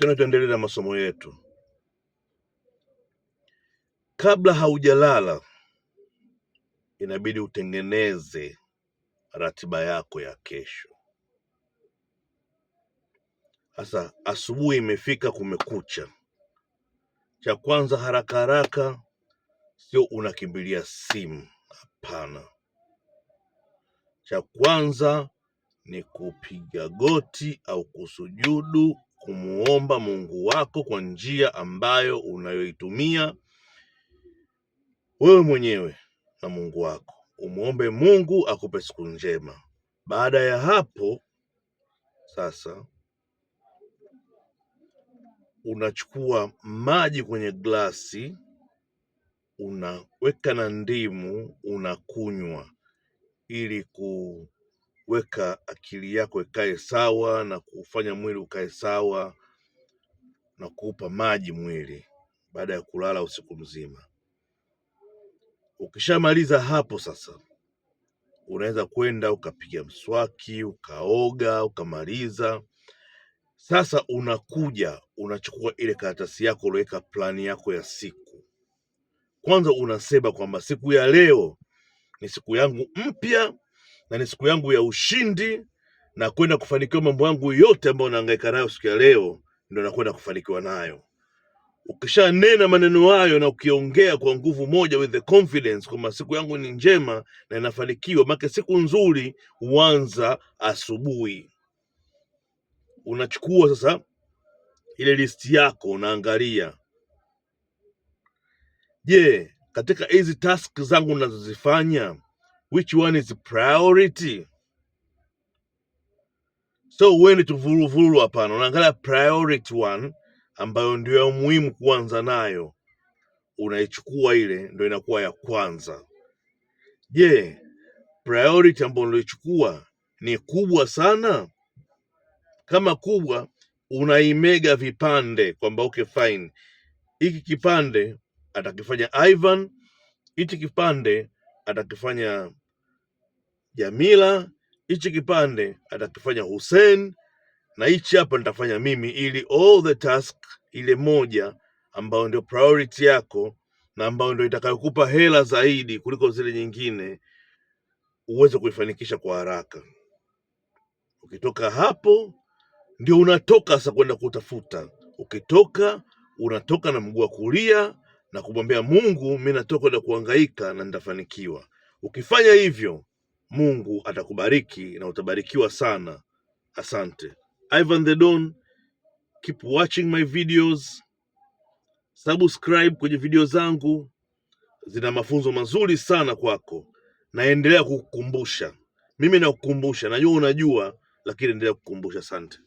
Tena tuendelee na masomo yetu. Kabla haujalala, inabidi utengeneze ratiba yako ya kesho. Sasa asubuhi imefika, kumekucha. Cha kwanza haraka haraka sio unakimbilia simu, hapana. Cha kwanza ni kupiga goti au kusujudu kumuomba Mungu wako kwa njia ambayo unayoitumia wewe mwenyewe na Mungu wako. Umuombe Mungu akupe siku njema. Baada ya hapo sasa unachukua maji kwenye glasi unaweka na ndimu unakunywa ili ku weka akili yako ikae sawa na kufanya mwili ukae sawa na kuupa maji mwili baada ya kulala usiku mzima. Ukishamaliza hapo sasa, unaweza kwenda ukapiga mswaki, ukaoga, ukamaliza. Sasa unakuja unachukua ile karatasi yako uliweka plani yako ya siku. Kwanza unasema kwamba siku ya leo ni siku yangu mpya na ni siku yangu ya ushindi na kwenda kufanikiwa mambo yangu yote ambayo nahangaika nayo siku ya leo, ndio nakwenda kufanikiwa nayo. Ukishanena maneno hayo na ukiongea kwa nguvu moja, with the confidence kwamba siku yangu ni njema na inafanikiwa, maana siku nzuri huanza asubuhi. Unachukua sasa ile listi yako, unaangalia, je, katika hizi task zangu ninazozifanya Which one is priority? So huendi tu hapana. Unaangalia priority one ambayo ndio ya muhimu kuanza nayo, unaichukua ile, ndio inakuwa ya kwanza. Je, priority ambayo unaichukua ni kubwa sana? Kama kubwa, unaimega vipande kwamba okay fine, hiki kipande atakifanya Ivan, hiki kipande atakifanya Jamila, hichi kipande atakifanya Hussein na hichi hapa nitafanya mimi, ili all the task ile moja ambayo ndio priority yako na ambayo ndio itakayokupa hela zaidi kuliko zile nyingine uweze kuifanikisha kwa haraka. Ukitoka hapo ndio unatoka sasa kwenda kutafuta. Ukitoka unatoka na mguu wa kulia na kumwambia Mungu, mimi natoka na kuhangaika na nitafanikiwa. Ukifanya hivyo Mungu atakubariki na utabarikiwa sana. Asante. Ivan the Don, keep watching my videos, subscribe kwenye video zangu, zina mafunzo mazuri sana kwako. Naendelea kukukumbusha, mimi nakukumbusha, najua unajua, lakini endelea kukukumbusha. Asante.